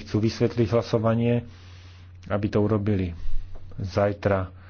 chcú vysvetliť hlasovanie, aby to urobili zajtra